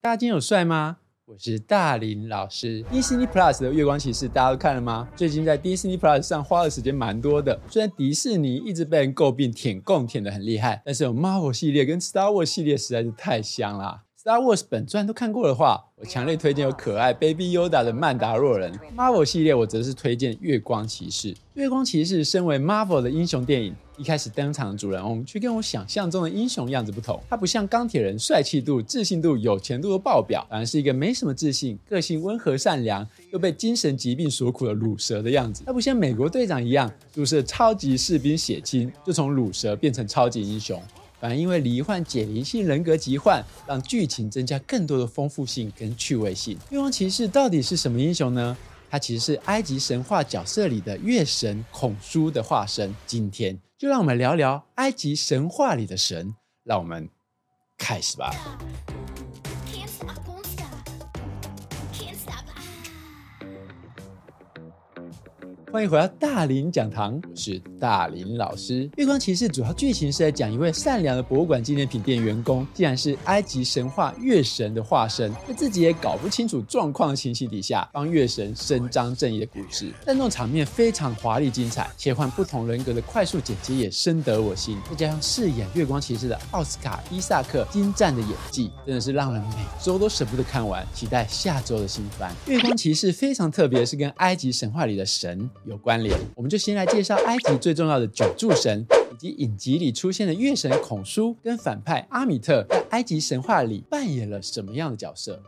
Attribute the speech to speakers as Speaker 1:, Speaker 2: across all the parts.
Speaker 1: 大家今天有帥嗎？我是大林老師。Disney Plus 的《月光騎士》大家都看了嗎？最近在 Disney Plus 上花的時間蠻多的。雖然迪士尼一直被人詬病舔共舔得很厲害，但是有 Marvel 系列跟 Star Wars 系列實在是太香啦。Star Wars 本傳都看過的話，我強烈推薦有可愛 Baby Yoda 的曼達洛人。Marvel 系列我則是推薦《月光騎士》。《月光騎士》身為 Marvel 的英雄電影，一開始登場的主人翁卻跟我想象中的英雄樣子不同。他不像鋼鐵人帥氣度、自信度、有錢度都爆表，反而是一個沒什麼自信、個性溫和善良，又被精神疾病所苦的魯蛇的樣子。他不像美國隊長一樣注射超級士兵血清就從魯蛇變成超級英雄。反而因為罹患解離性人格疾患，讓劇情增加更多的豐富性跟趣味性。月光騎士到底是什麼英雄呢？他其實是埃及神話角色裡的月神孔蘇的化身。今天就讓我們聊聊埃及神話裡的神，讓我們開始吧。歡迎回到大林講堂，我是大林老師。月光騎士主要劇情是在講一位善良的博物館紀念品店員工，竟然是埃及神話月神的化身，在自己也搞不清楚狀況的情形底下，幫月神伸張正義的故事。但這種場面非常華麗精彩，切換不同人格的快速剪接也深得我心。再加上飾演月光騎士的奧斯卡伊薩克精湛的演技，真的是讓人每周都捨不得看完。期待下周的新番《月光騎士》非常特別，是跟埃及神話裡的神有關聯，我們就先來介紹埃及最重要的九柱神，以及影集裡出現的月神孔蘇跟反派阿米特在埃及神話裡扮演了什麼樣的角色？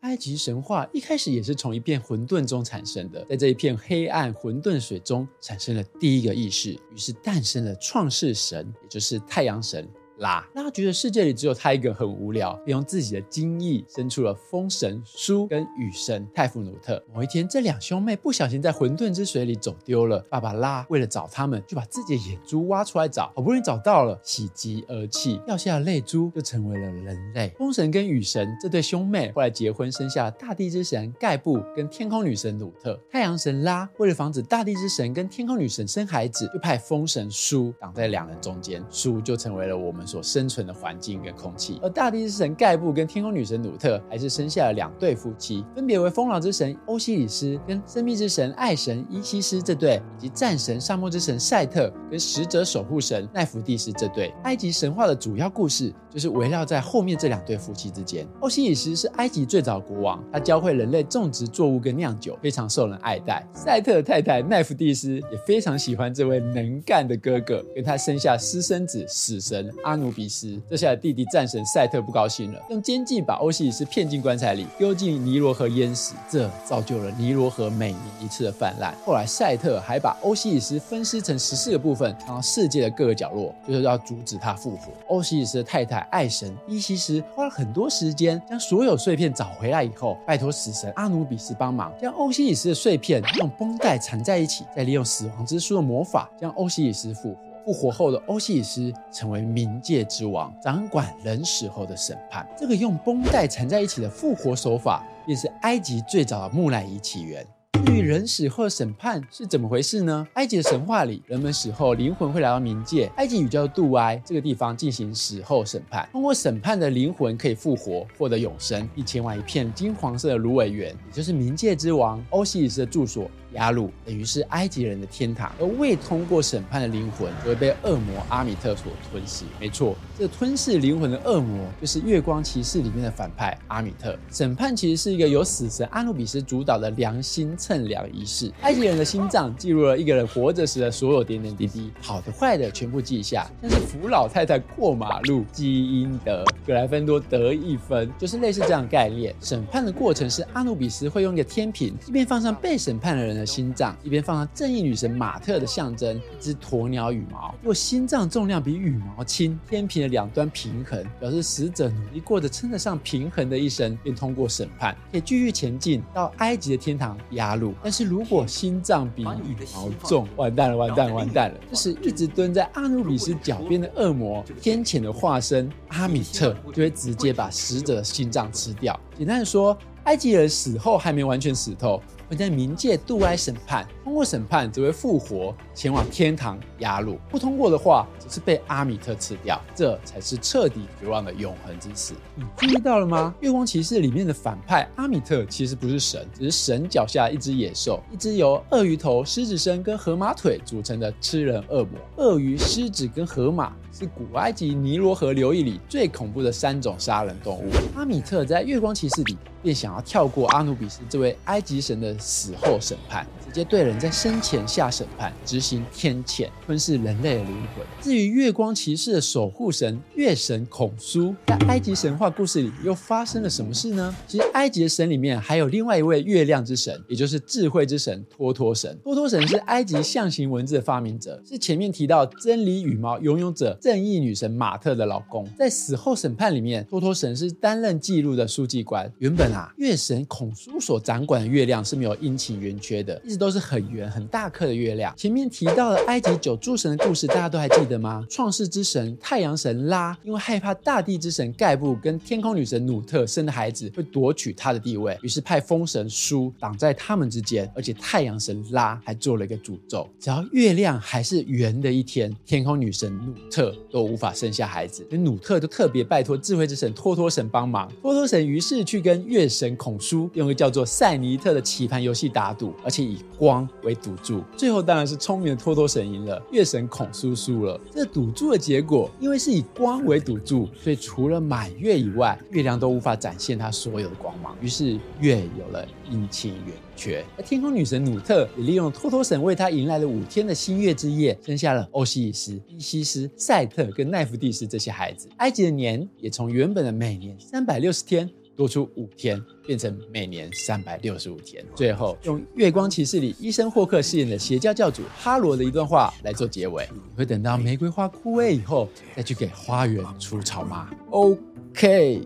Speaker 1: 埃及神話一開始也是從一片混沌中產生的，在這一片黑暗混沌水中產生了第一個意識，於是誕生了創世神，也就是太陽神。拉拉覺得世界裡只有他一個很無聊，便用自己的精液生出了風神舒跟雨神泰芙努特。某一天，這兩兄妹不小心在混沌之水裡走丟了。爸爸拉為了找他們，就把自己的眼珠挖出來找，好不容易找到了，喜極而泣，掉下了淚珠就成為了人類。風神跟雨神這對兄妹後來結婚，生下了大地之神蓋布跟天空女神努特。太陽神拉為了防止大地之神跟天空女神生孩子，就派風神舒擋在兩人中間，舒就成為了我們。所生存的環境跟空氣。而大地之神蓋布跟天空女神努特還是生下了兩對夫妻，分別為豐饒之神歐西里斯跟生命之神愛神伊西斯這對，以及戰神、沙漠之神賽特跟死者守護神奈芙蒂斯這對。埃及神話的主要故事就是圍繞在後面這兩對夫妻之間。歐西里斯是埃及最早的國王，他教會人類種植作物跟釀酒，非常受人愛戴。賽特的太太奈芙蒂斯也非常喜歡這位能幹的哥哥，跟他生下私生子死神阿。阿努比斯。這下弟弟戰神賽特不高興了，用奸計，把歐西里斯騙進棺材裡，丟進尼羅河淹死，這造就了尼羅河每年一次的泛濫。後來賽特還把歐西里斯分屍成十四個部分，放到世界的各個角落，就是要阻止他復活。歐西里斯的太太愛神伊西斯花了很多時間將所有碎片找回來以後，拜托死神阿努比斯幫忙，將歐西里斯的碎片用繃帶纏在一起，再利用死亡之書的魔法將歐西里斯復活。復活後的歐西里斯成為冥界之王，掌管人死後的審判。這個用繃帶纏在一起的復活手法，便是埃及最早的木乃伊起源。至於人死後的審判是怎麼回事呢？埃及的神話裡，人們死後靈魂會來到冥界，埃及語叫做杜埃，這個地方進行死後審判。通過審判的靈魂可以復活，獲得永生，並前往一片金黃色的蘆葦園，也就是冥界之王歐西里斯的住所。壓路，等於是埃及人的天堂，而未通過審判的靈魂會被惡魔阿米特所吞噬。沒錯，這個、吞噬靈魂的惡魔就是《月光騎士》裡面的反派阿米特。審判其實是一個由死神阿努比斯主導的良心稱量儀式。埃及人的心臟記錄了一個人活着時的所有點點滴滴，好的壞的全部記下。像是扶老太太過馬路，積陰德，格萊芬多得一分，就是類似這樣概念。審判的過程是阿努比斯會用一個天平，一邊放上被審判的人的。心臟一邊放上正義女神馬特的象徵一只鴕鳥羽毛。如果心臟重量比羽毛輕，天平的兩端平衡，表示死者努力過着稱得上平衡的一生，便通過審判，可以繼續前進到埃及的天堂雅魯。但是如果心臟比羽毛重，完蛋了，完蛋了，完蛋了！這時一直蹲在阿努比斯腳邊的惡魔，天譴的化身阿米特，就會直接把死者的心臟吃掉。簡單的說，埃及人死後還沒完全死透。會在冥界杜埃審判，通過審判則會復活，前往天堂雅魯。不通過的話，則是被阿米特吃掉，這才是徹底絕望的永恆之死。你注意到了嗎？《月光騎士》裡面的反派阿米特其實不是神，只是神腳下一隻野獸，一隻由鱷魚頭、獅子身跟河馬腿組成的吃人惡魔。鱷魚、獅子跟河馬是古埃及尼羅河流域裡最恐怖的三種殺人動物。阿米特在《月光騎士》裡，便想要跳過阿努比斯這位埃及神的死後審判，直接對人在生前下審判，執行天譴，吞噬人類的靈魂。至於月光騎士的守護神月神孔蘇，在埃及神話故事裡又發生了什麼事呢？其實埃及的神裡面還有另外一位月亮之神，也就是智慧之神托托神。托托神是埃及象形文字的發明者，是前面提到真理羽毛擁有者正義女神馬特的老公。在死後審判裡面，托托神是擔任記錄的書記官，原本。月神孔蘇所掌管的月亮是沒有陰晴圓缺的，一直都是很圓很大顆的月亮。前面提到的埃及九柱神的故事，大家都還記得嗎？創世之神太陽神拉，因為害怕大地之神蓋布跟天空女神努特生的孩子會奪取他的地位，於是派風神蘇擋在他們之間，而且太陽神拉還做了一個詛咒：只要月亮還是圓的一天，天空女神努特都無法生下孩子。連努特就特別拜托智慧之神托托神幫忙，托托神於是去跟月。月神孔蘇用一個叫做塞尼特的棋盤遊戲打賭，而且以光為賭注。最後當然是聰明的托托神贏了，月神孔蘇輸了。這賭注的結果，因為是以光為賭注，所以除了滿月以外，月亮都無法展現它所有的光芒。於是月有了陰晴圓缺。而天空女神努特也利用托托神為她迎來了五天的新月之夜，生下了歐西里斯、伊西斯、賽特跟奈芙蒂斯這些孩子。埃及的年也從原本的每年三百六十天，多出五天，變成每年三百六十五天。最後用《月光騎士》裡伊森霍克飾演的邪教教主哈羅的一段話來做結尾：你會等到玫瑰花枯萎以後再去給花園除草嗎？OK，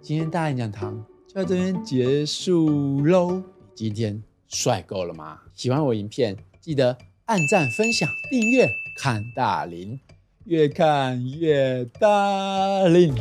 Speaker 1: 今天大林講堂就到這邊結束嘍。今天帥夠了嗎？喜歡我影片，記得按讚、分享、訂閱看大林，越看越大林。